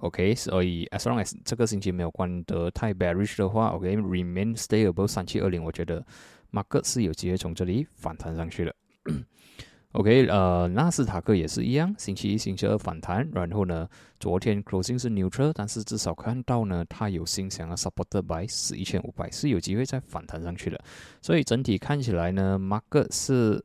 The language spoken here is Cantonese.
OK，所以 as long as 這個星期沒有關得太 bearish 的話，OK，remain stable 三七二零，okay, stable, 20, 我覺得 market 是有機會從這裏反彈上去的。 OK，呃，納斯達克也是一樣，星期一、星期二反彈，然後呢，昨天 closing 是 neutral，但是至少看到呢，它有心想啊 supported by 是一千五百，是有機會再反彈上去的。所以整體看起來呢，market 是。